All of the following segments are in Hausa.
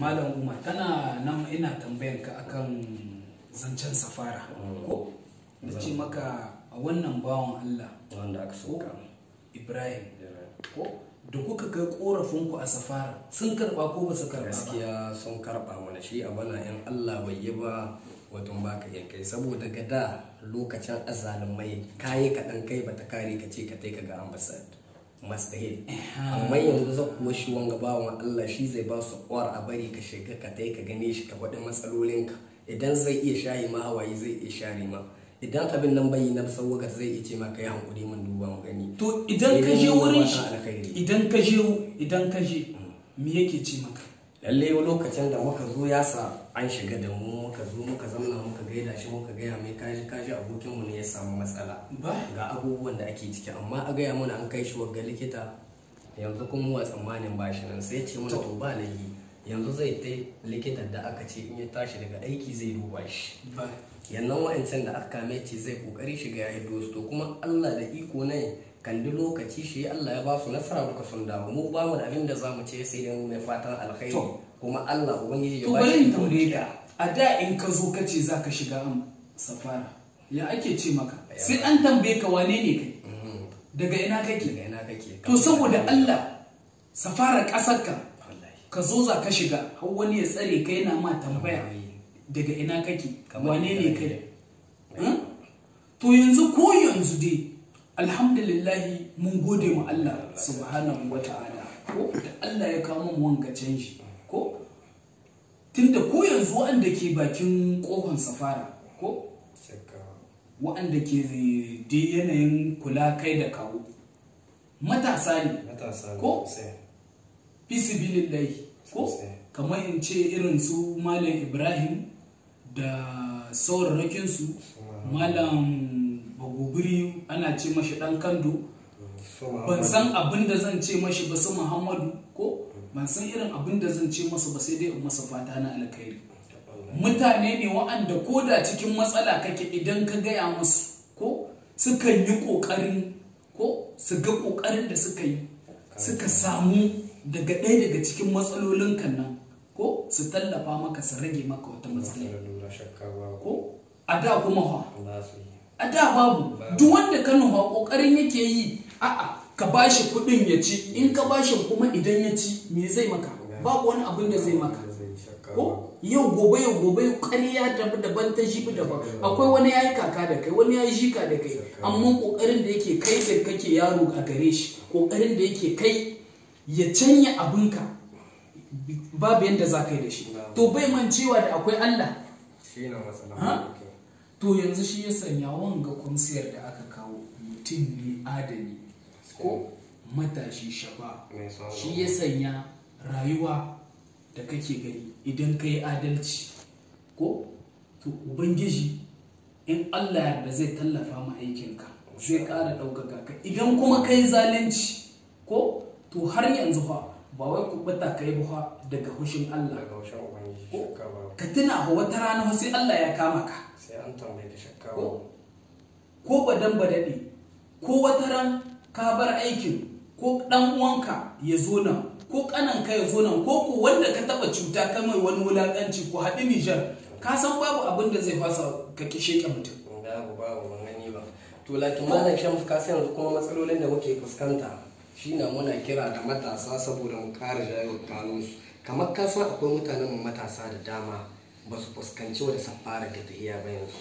malam umar tana nan ina tambayan ka akan zancen safara mm. ko na ce maka a wannan bawan allah wanda aka so ibrahim ko da kuka kai korafinku a safara sun karba ko ba su karba gaskiya sun karba mana shi a bana yan allah bai yi ba wato ba ka kai saboda ga da lokacin mai kayi kaɗan kai ba ta kare ka ce ka kai ka ga ambasad mastahil. amma yanzu za kuma shi wanga wa Allah shi zai ba su kwar a bari ka shiga ka tai ka gane shi ka faɗi matsalolinka idan zai iya shayi ma hawaye zai iya share ma idan abin nan bai na sauwaka zai iya ce ma kai yi hankuri mun duba mu gani to idan ka je wurin shi idan ka je idan ka je mm. me yake ce maka lalle lokacin da muka zo ya sa an shiga da mu muka zo muka zamna muka gaida shi muka gaya mai kashi kashi abokin mu ne ya samu matsala ga abubuwan da ake ciki amma a gaya mana an kai shi wagga likita yanzu kuma wa tsammanin ba shi nan sai ce mana to ba laifi yanzu zai ta likitan da aka ce in ya tashi daga aiki zai duba shi yannan wa'ancan da aka kame ce zai kokari shiga ya yi to kuma Allah da iko ne kalli lokaci shi Allah ya ba su nasara muka sun dawo mu ba mu da abin da zamu ce sai dai mai fatan alkhairi kuma Allah ubangiji ya ba shi to bari ka a da in ka zo ka ce zaka shiga safara ya ake ce maka sai an tambaye ka wane ne kai mhm. daga ina kake daga ina kake to saboda Allah safara kasar ka ka zo za ka shiga har wani ya tsare ka yana ma tambaya daga ina kake wane ne kai hmm? to yanzu ko yanzu dai alhamdulillahi mun gode mu Allah subhanahu ta'ala ko da Allah ya kawo mu wanga canji ko tunda ko yanzu wanda ke bakin kofan safara ko wa'anda ke da yanayin kula kai da kawo matasa ne ko fisibilillahi ko kamar in ce irin su malam ibrahim da sauraronkinsu malam bagubiri ana ce mashi dan kando ban san abin da zan ce mashi ba su muhammadu ko ban san irin abin da zan ce masu ba sai dai in masa fata na alkhairi mutane ne wa'anda ko da cikin matsala kake idan ka gaya musu ko kan yi ƙoƙarin ko su ga ƙoƙarin da suka yi suka samu daga ɗaya daga cikin matsalolin kan nan ko su tallafa maka su rage maka wata matsala ko a da kuma ha a da babu duk wanda ka nufa kokarin yake yi a'a ka bashi kuɗin ya ci in ka bashi kuma idan ya ci me zai maka babu wani abin da zai maka ko yau gobe yau gobe ƙarya daban daban ta shi daban akwai wani yayi kaka da kai wani yayi shika da kai amma kokarin da yake kai da kake yaro a gare shi kokarin da yake kai ya canya abinka babu yadda za ka yi da shi to bai man cewa da akwai Allah shine to yanzu shi ya sanya wanga kunsiyar da aka kawo mutum ne adani ko matashi shaba shi ya sanya rayuwa da kake gani idan ka yi adalci ko to ubangiji in allah yarda zai tallafa ma aikinka zai ƙara ɗaukaka ka idan kuma ka yi zalunci ko to har yanzu fa ba wai ku ka yi buha daga hushin Allah daga hushin ubangiji shakka ba ka tuna a wata rana sai Allah ya kama ka sai an tambaye ka shakka ba ko ba dade ko wata ran ka bar aikin ko dan uwanka ya zo nan ko ka ya zo nan ko kuwanda wanda ka taba cuta ka mai wani wulakanci ko haɗi Nijar ka san babu abin da zai fasa ka kishe ka mutum babu babu ban gani ba to lakin malam sai yanzu kuma matsalolin da muke fuskanta shi na muna kira da matasa saboda mu kare jayo kanunsu kamar ka san akwai mutanen matasa da dama ba su fuskanci wanda safara ga ta tahiya ba yanzu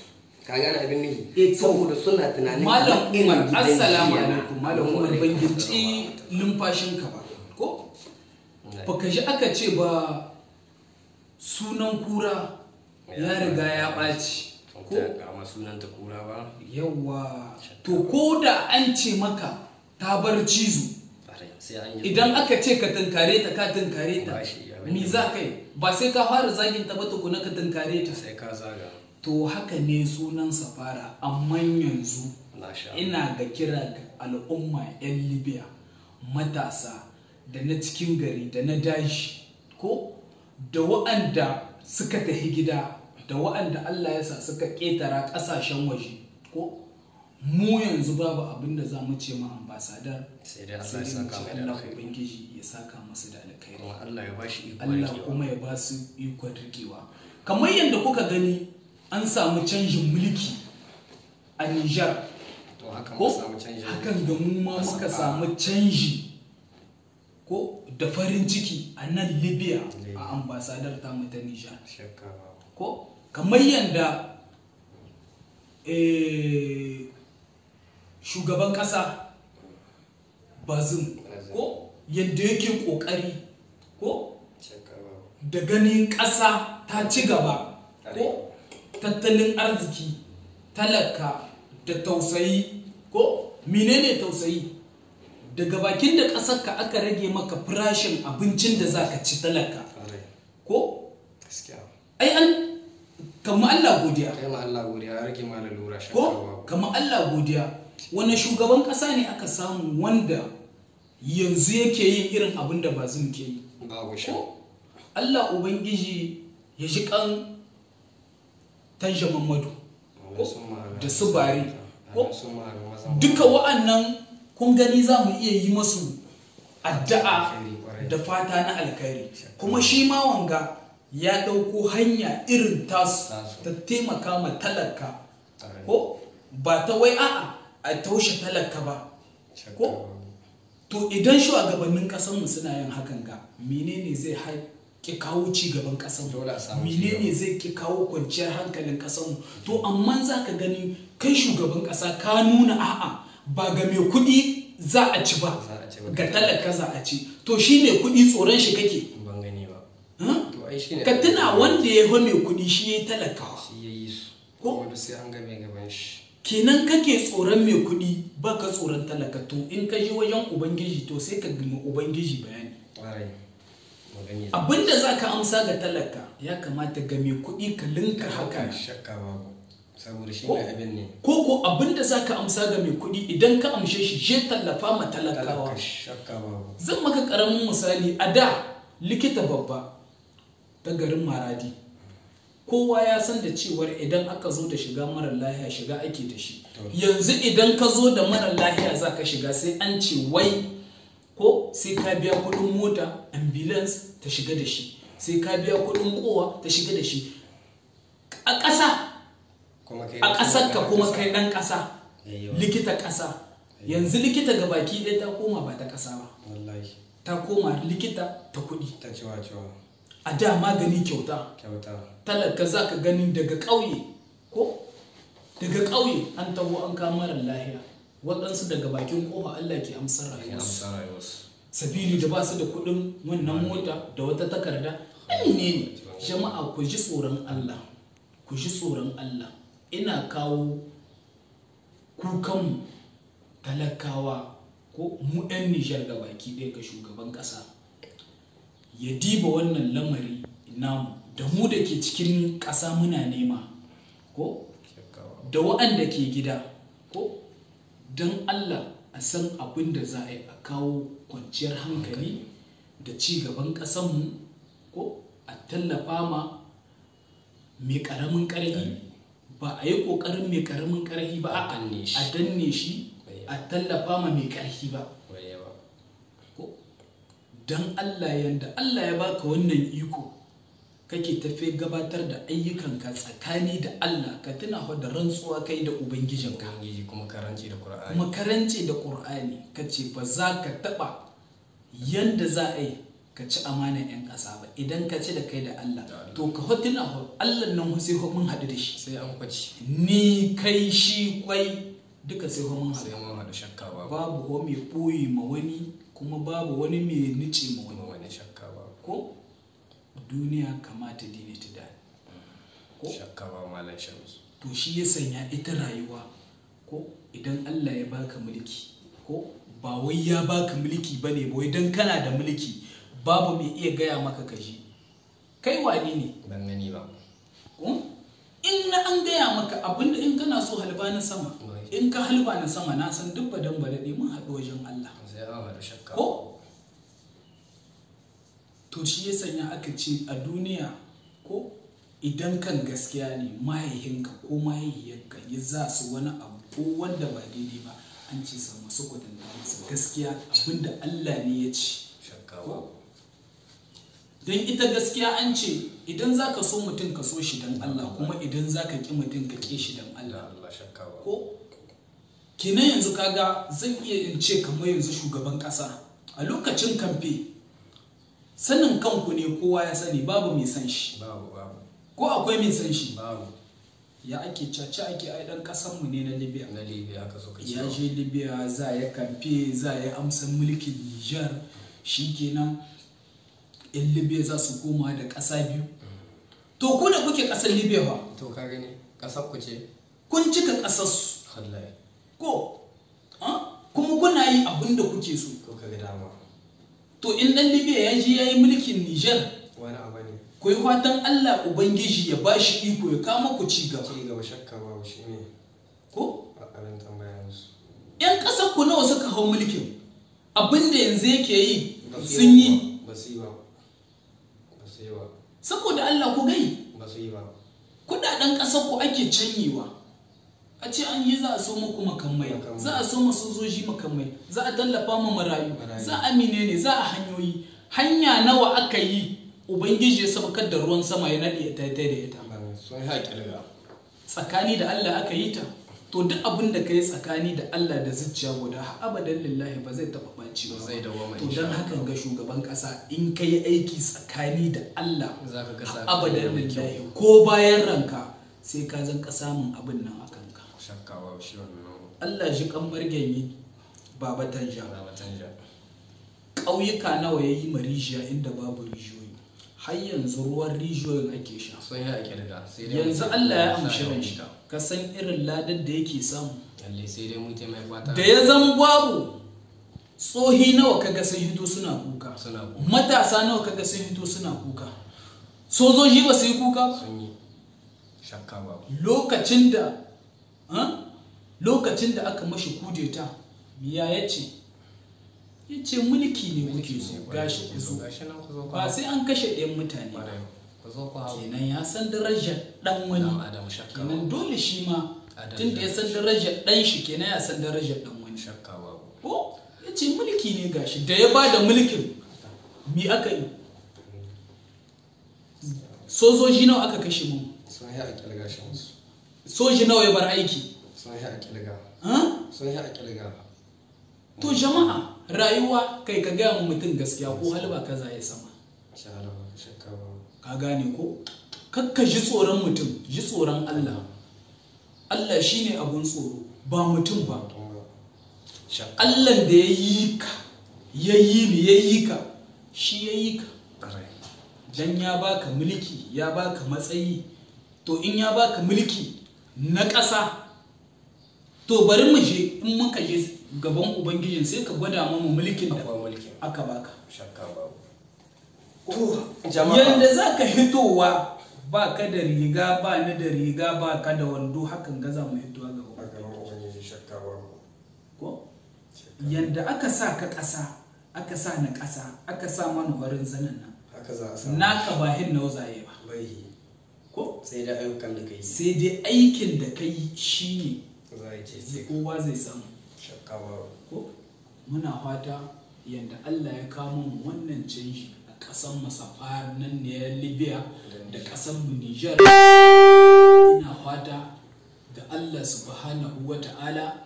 ka gane abin nihi eh, saboda suna tunanin malam umar assalamu alaikum malam umar ban numfashin ka ba ko ka ji aka ce ba sunan kura ya riga ya ɓaci ko amma sunan ta kura ba yawa to ko da an ce maka ta bar cizo idan aka ce ka tunkare ta ka tunkare ta mi za ka yi ba sai ka fara zagin ta ba tukuna ka tunkare ta sai ka zaga to haka ne sunan safara amma yanzu ina ga kira ga al'umma 'yan libya matasa da na cikin gari da na dashi ko da wa'anda suka tafi gida da wa'anda allah ya sa suka ƙetara ƙasashen waje ko mu yanzu babu abin da za mu ce ma ambasadar sai dai Allah ya saka mai ya saka masu da alkhairi Allah ya bashi ikon Allah kuma ya ba su ikon rikewa kamar yadda kuka gani an samu canjin mulki a Niger to haka samu canjin hakan da mu ma muka samu canji ko da farin ciki a nan Libya a ambasadar ta mu ta Niger ko kamar yadda eh shugaban ƙasa zin? ko yadda yake ƙoƙari ko da ganin ƙasa ta ci gaba ko tattalin arziki talaka da tausayi ko menene tausayi daga bakin da ƙasarka aka rage maka farashin abincin da za ka ci talaka ko ai an kama Allah godiya kama Allah godiya rage ma lalura ko kama Allah godiya wani shugaban ƙasa ne aka samu wanda yanzu yake yin irin abin da bazin ke yi Allah Ubangiji ya ji kan tanjaman madu da su bari duka wa'annan kun gani za mu iya yi masu addu'a da fata na alkhairi kuma shi ma wanga ya ɗauko hanya irin tasu ta taimaka ma talaka ko ba ta wai a'a a taushe talaka ba ko to idan shugabannin ƙasarmu suna yin hakan ga menene zai ki kawo ci gaban ƙasarmu menene zai ki kawo kwanciyar hankalin ƙasarmu to amma za ka gani kai shugaban ƙasa ka nuna a'a ba ga mai kuɗi za a ci ba ga talaka za a ci to shine kuɗi tsoron shi kake ka tuna wanda ya mai kuɗi shi ya talaka ko sai an gaban shi kenan kake tsoron mai kuɗi ba ka tsoron talakatu in ka ji wajen ubangiji to sai ka gima ubangiji bayani abinda za ka amsa ga talaka ya kamata ga mai kuɗi ka linka haka saboda abinda za ka amsa ga mai kuɗi idan ka amshe shi je tallafa ma talakawa zan maka karamin misali a da likita babba ta garin maradi kowa ya san da cewar idan aka zo da shiga marar lahiya shiga ake da shi yanzu idan ka zo da marar lahiya za ka shiga sai an ce wai ko sai ka biya kudin mota ambulance ta shiga da shi sai ka biya kudin kowa ta shiga da shi a ƙasa a ƙasar ka kuma kai ɗan ƙasa likita ƙasa yanzu likita ga baki ɗaya ta koma ba ta ƙasa ba ta koma likita ta kuɗi ta cewa cewa a da magani kyauta talaka za ka gani daga ƙauye ko daga ƙauye an taho an kamar lahiya waɗansu daga bakin ƙofa Allah ke amsar rayuwarsu sabili da ba su da kuɗin wannan mota da wata takarda ne jama'a ku ji tsoron Allah ku ji tsoron Allah ina kawo kukanmu talakawa ko mu 'yan nijar ga baki ɗaya ga shugaban ƙasa ya diba wannan lamari namu da mu da ke cikin ƙasa muna nema ko da waɗanda ke gida ko don allah a san abin da za a yi a kawo kwanciyar hankali da ci gaban ƙasanmu ko a tallafa ma mai ƙaramin ƙarfi ba a yi ƙoƙarin mai ƙaramin ƙarfi ba a danne shi a tallafa ma mai ƙarfi ba don Allah yanda Allah ya baka wannan iko kake tafe gabatar da ayyukan ka tsakani da Allah ka tuna da rantsuwa kai da ubangijinka kuma karanci da kur'ani kuma karanci da Qur'ani ka ce ba za ka taɓa yanda za a yi ka ci amanar yan ƙasa ba idan ka ci da kai da Allah to ka hotuna Allah nan sai mun haɗu da shi sai an kwaci ni kai shi kwai duka sai mun haɗu babu ko mai ɓoye ma wani kuma babu wani mai nice ma wani wani shakka ba ko duniya kamata dine ta da ko shakka ba malam shamsu to shi ya sanya ita rayuwa ko idan Allah ya baka mulki ko ba wai ya baka mulki bane ba wai dan kana da mulki babu mai iya gaya maka kaji kai wani ne ban gani ba ko in na an gaya maka abinda in kana so halba na sama in ka halba na sama na san duk badan balade mun haɗu wajen Allah ko to shi ya sanya aka ce a duniya ko idan kan gaskiya ne mahaihinka ko mahaihiyarka ya za su wani abu ko wanda ba daidai ba an ce sa masu kwatanta masu gaskiya abinda Allah ne ya ce don ita gaskiya an ce idan za ka so mutum ka so shi don Allah kuma idan za ka ƙi mutum ka ƙi shi don Allah ko Kina yanzu kaga zan iya in ce kamar yanzu shugaban kasa? a lokacin kamfe sanin kanku ne kowa ya sani babu mai san shi ko akwai mai san shi ya ake caca ake ai dan kasan mu ne na libya na libya ka so ya je libya za ya kamfe za ya amsa mulkin niger shikenan in libya za su koma da ƙasa biyu to ku da kuke ƙasar libya ba to ka gani ƙasar ku ce kun cika ƙasar su wallahi ko kuma kuna yi abinda da kuke so to in dan libya ya je ya yi mulkin niger ku yi fatan allah ubangiji ya ba shi iko ya kama ku ci gaba ci gaba shakka ba shi ne ko yan ƙasar ku nawa suka hau mulkin abin yanzu yake yi sun yi saboda allah ku gai kudaden ƙasar ku ake canyewa a ce an yi za a so muku makamai za a so masu sojoji makamai za a tallafa ma marayu za a mine ne za a hanyoyi hanya nawa aka yi ubangiji ya saukar da ruwan sama ya naɗe ta ta da ita tsakani da Allah aka yi ta to duk abin da kai tsakani da Allah da zuciya guda abadan lillahi ba zai taɓa ɓaci ba zai to dan hakan ga shugaban kasa in ka aiki tsakani da Allah abadan lillahi ko bayan ranka sai ka zan ka samun abin nan shakkawa shi wannan Allah shi kan yi. baba tanja baba tanja ƙauyuka nawa ya yi rijiya inda babu rijiyoyi har yanzu ruwan rijiyoyin ake sha sai ya ake daga yanzu Allah ya amshi ran shi ka san irin ladan da yake samu lalle sai dai mu mai fata da ya zama babu tsohi nawa kaga sai hito suna kuka matasa nawa kaga sai hito suna kuka sojoji ba su yi kuka sun yi shakka babu lokacin da lokacin da aka mashi kudeta miya ya ce ya ce mulki ne kuke so gashi ku zo ba sai an kashe ɗayan mutane kenan ya san darajar ɗan wani kenan dole shi ma tun da ya san darajar ɗan shi kenan ya san darajar ɗan wani ko ya ce mulki ne gashi da ya ba da mulkin mi aka yi sojoji nawa aka kashe mu sun yi a ƙyalgashin su so shi nawa ya bar aiki sun yi a kilga to jama'a rayuwa kai ka gaya mu mutum gaskiya ko halba kaza ya sama ka gane ko kakka ji tsoron mutum ji tsoron Allah Allah shine abun tsoro ba mutum ba Allah da ya yi ka ya yi ni ya yi ka shi ya yi ka dan ya baka mulki ya baka matsayi to in ya baka mulki na ƙasa to bari mu je in muka je gaban ubangijin sai ka gwada mu mulkin da aka baka yadda za ka hitowa ba ka da riga ba ni da riga ba ka da wando hakan gaza mu hitowa gaban ko yadda aka sa ka ƙasa aka sa na ƙasa aka sa mana farin zanen nan naka ba hin nauzaye ba ko sai dai ayyukan da kai sai dai aikin da kai shi ne kowa zai samu ko muna fata yadda Allah ya kama mu wannan canji a ƙasan masafar nan ne Libya da ƙasan mu Niger ina fata da Allah subhanahu wa ta'ala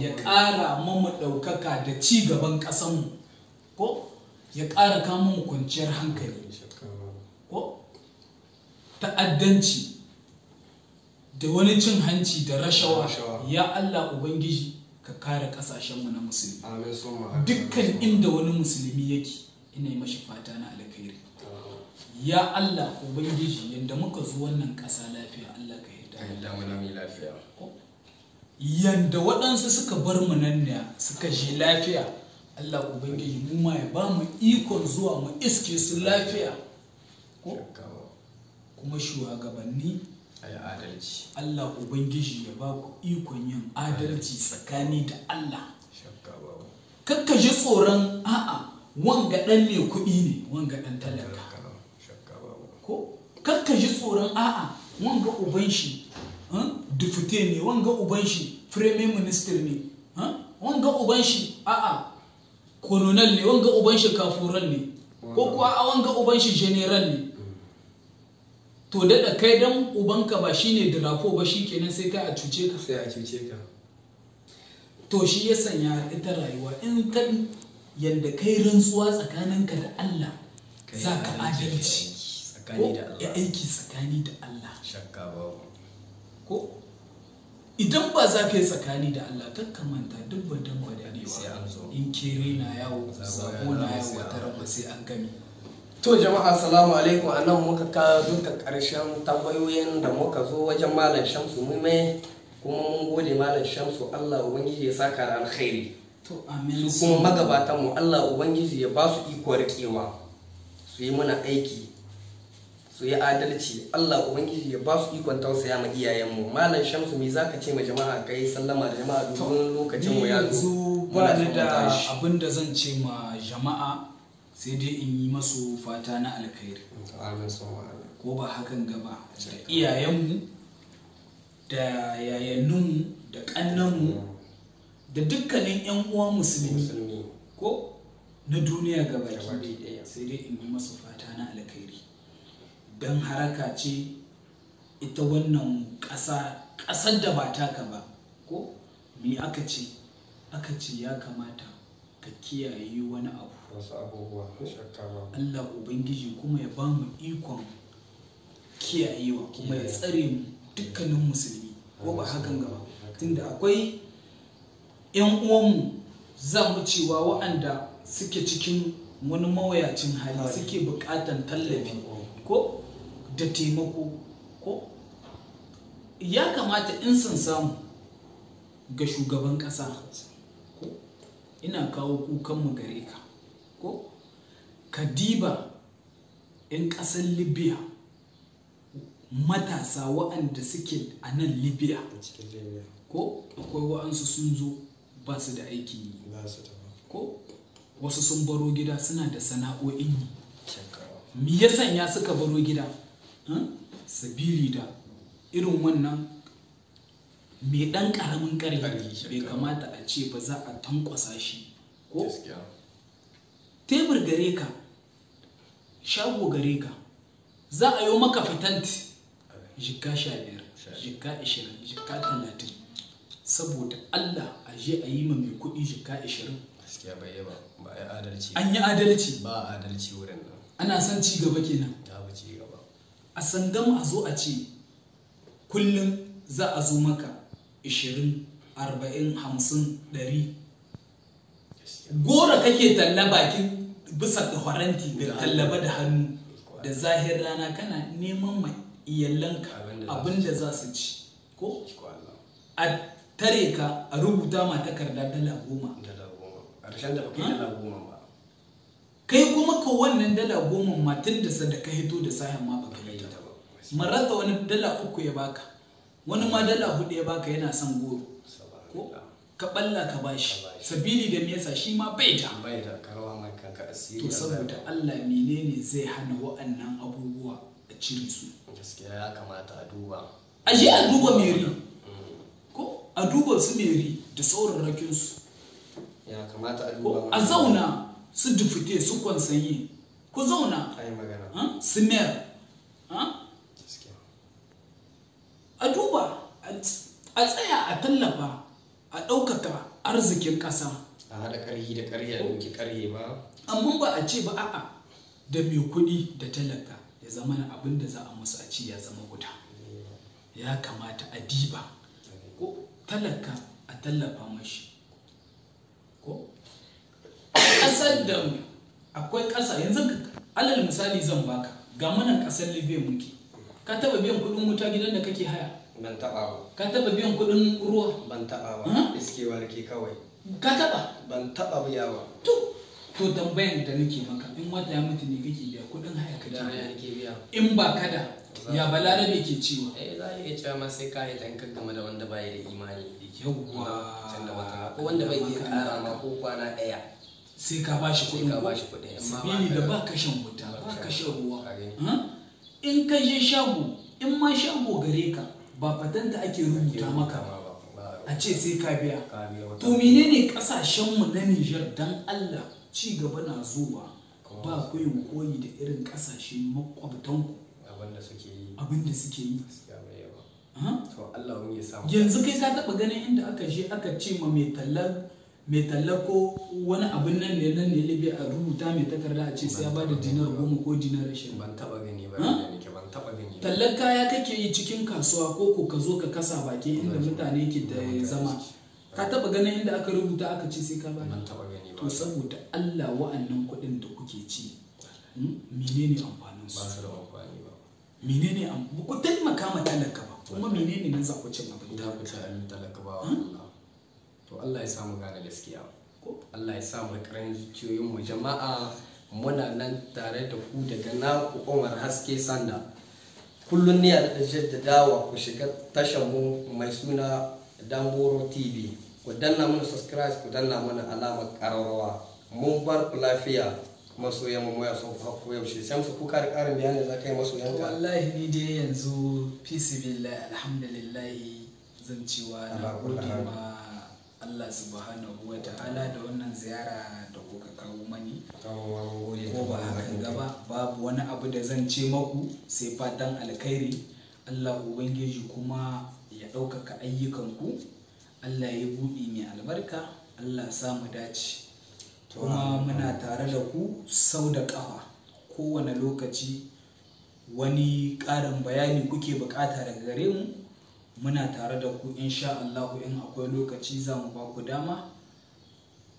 ya ƙara mamu ɗaukaka da ci gaban mu ko ya ƙara kama mu kwanciyar hankali ko ta'addanci da wani cin hanci da rashawa ya Allah Ubangiji ka kare ƙasashenmu na musulmi dukkan inda wani musulmi yake ina yi mashi fata na alkhairi ya Allah Ubangiji yadda muka zo wannan ƙasa lafiya Allah ka yarda yadda waɗansu suka bar mu nan ne suka je lafiya Allah Ubangiji mu ma ya ba mu ikon zuwa mu iske su lafiya ko kuma shugabanni adalci Allah ubangiji ya ba ku ikon yin adalci tsakani da Allah kakka ji tsoron a'a wanga dan ne kuɗi ne wanga dan talaka ko kakka ji tsoron a'a wanga uban shi eh, dufute ne wanga uban shi firamin minister ne eh, wanga uban shi a'a kononal ne wanga uban shi kafuran ne ko kuwa a wanga uban shi general ne to daɗa kai dan ubanka ba shine dirafo ba shi kenan sai kai a cuce ka sai a cuce ka to shi ya sanya ita rayuwa in ka yadda kai rantsuwa tsakaninka da Allah za ka adalci ko ya aiki tsakani da Allah shakka ba ko idan ba za ka yi tsakani da Allah ka manta duk ba dan ba da in kere na yawo sabo na yawo wata sai an gami To jama'a salamu alaikum a nan muka ka duka ƙarshen tambayoyin da muka zo wajen Malam Shamsu mume kuma mun gode Malam Shamsu Allah Ubangiji ya saka da alkhairi. Su kuma magabatan mu Allah Ubangiji ya ba su iko riƙewa su yi mana aiki su yi adalci Allah Ubangiji ya ba su ikon tausaya ma iyayenmu Malam Shamsu me zaka ce ma jama'a kai sallama da jama'a dubun lokacin mu ya zo. da abin da zan ce ma jama'a sai dai in yi masu fata na alkhairi ko ba hakan gaba da iyayenmu da yayanninmu da ƙannanmu da dukkanin 'yan uwa musulmi ko na duniya gaba ɗaya sai dai in yi masu fata na alkhairi don haraka ce ita wannan ƙasa ƙasar da ba taka ba ko me aka ce ya kamata ka kiyaye wani abu Allah ubangiji kuma ya ba mu ikon kiyayewa kuma ya tsare mu dukkanin musulmi ko ba hakan gaba tunda akwai yan uwanmu za mu cewa wa'anda suke cikin wani mawayacin hali suke buƙatan tallafi ko da taimako ko ya kamata in sun samu ga shugaban ƙasa ina kawo kukanmu gare ka ko kadiba 'yan ƙasar libya matasa waɗanda suke a nan libya ko akwai wa'ansu sun zo ba su da aiki yi ko wasu sun baro gida suna da sana'o'in yi me ya sanya suka baro gida sabili da irin wannan mai ɗan ƙaramin ƙarfi bai kamata a ce ba za a tankwasa shi ko tebur gare ka shago gare ka za a yi maka fitant jika sha biyar jika ishirin jika talatin saboda allah a je a yi ma mai kuɗi jika ishirin gaskiya yaba ba adalci an yi adalci ba a adalci wurin nan ana son ci gaba kenan nan. ci gaba a sandam a zo a ce kullum za a zo maka ishirin arba'in gora kake talla bakin bisa da faranti da tallaba da hannu da zahir rana kana neman mai iyalanka abin da za su ci ko a tare ka a rubuta ma takarda dala goma kai kuma ka wannan dala goma ma da sadaka hito da sayan ma baka yi ta ba marata wani dala uku ya baka wani ma dala hudu ya baka yana son goro ko ka balla ka bashi sabili da nesa shi ma bai ta bai da karwa mai kanka asiri to saboda Allah menene zai hana wa'annan abubuwa a cire su gaskiya ya kamata a duba aje a duba meri mm. ko a duba su meri da rakin su ya kamata a duba a zauna su dufite su kwansaye ku zauna ai magana su mer a tsaya a tallafa a ɗaukaka arzikin ƙasa a haɗa ƙarhi da ƙarya da muke ƙarye ba amma ba a ce ba a'a da mai kuɗi da talaka ya zama na abin da za a musu a ci ya zama guda ya kamata a diba ko talaka a tallafa mashi ko ƙasar da akwai ƙasa yanzu alal misali zan baka ga manan ƙasar libya muke ka taɓa biyan kuɗin wuta gidan da kake haya ban taba ba ka taba biyan kudin ruwa ban taba ba hmm? iskewa nake kawai ka taba ban taba biya ba to to tambayan da nake maka in wata ya mutu ne kake biya kudin haya kake biya nake biya in ba kada ya balarabe ke ciwa eh za ka iya cewa ma sai kai dan ka game da wanda bai da imani can da wata ko wanda bai yi kara ma ko kwana daya sai ka bashi kudin ka bashi kudin ni da ba ka shan wuta ba ka shan ruwa hmm? in ka je shago in ma shago gare ka ba fatanta ake rubuta maka ba a ce sai ka biya to menene kasashenmu na Nijar dan Allah ci gaba na zuwa ba ku yin koyi da irin kasashe makwabtanku abinda suke yi yanzu kai ka taba ganin inda aka je aka ce ma mai talla ko wani abin nan ne nan ne libya a rubuta mai takarda a ce sai ya ba da dinar goma ko dinar ashirin ban taba gani ba taba gani tallan kaya kake yi cikin kasuwa ko ko ka zo ka kasa baki inda mutane ke da zama ka taba ganin inda aka rubuta aka ce sai ka ba ban taba gani ba to saboda Allah wa'annan kuɗin da kuke ci hmm, menene amfanin su ba su da amfani ba menene amfani ku taimaka makama talaka ba kuma menene nan za ku ci abin da ku ci abin talaka ba hmm? Allah to Allah ya samu gane gaskiya Allah ya samu karin zuciyoyin mu jama'a muna nan tare da ku daga naku Umar Haske Sanda kullum ne a da jaddadawa ku shiga tashar mu mai suna damboro tv ku danna mana subscribe ku danna mana alamar ƙararrawa mun bar ku lafiya masoyan mu ya son ku yaushe sai su kuka da ƙarin bayani za ka yi masoyan ka wallahi ni dai yanzu fi sibillah alhamdulillah zan cewa na gode ma Allah subhanahu wa ta'ala da wannan ziyara da kuka kawo mani ko ba haka gaba babu wani abu da zan ce maku sai fatan alkhairi Allah ubangiji kuma ya ɗaukaka ayyukanku Allah ya buɗe mai albarka Allah samu dace kuma muna tare da ku sau da ƙafa kowane lokaci wani ƙarin bayani kuke bukata daga gare mu muna tare da ku insha Allahu in akwai lokaci za mu ba ku dama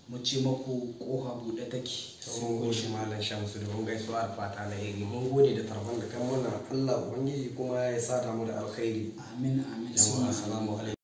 mu ce maku koha buɗe take mun goshi malam shamsu da mun gaisuwa alfata na iri. mun gode da tarban da kan muna Allah ubangiji kuma ya sada mu da alkhairi amin amin assalamu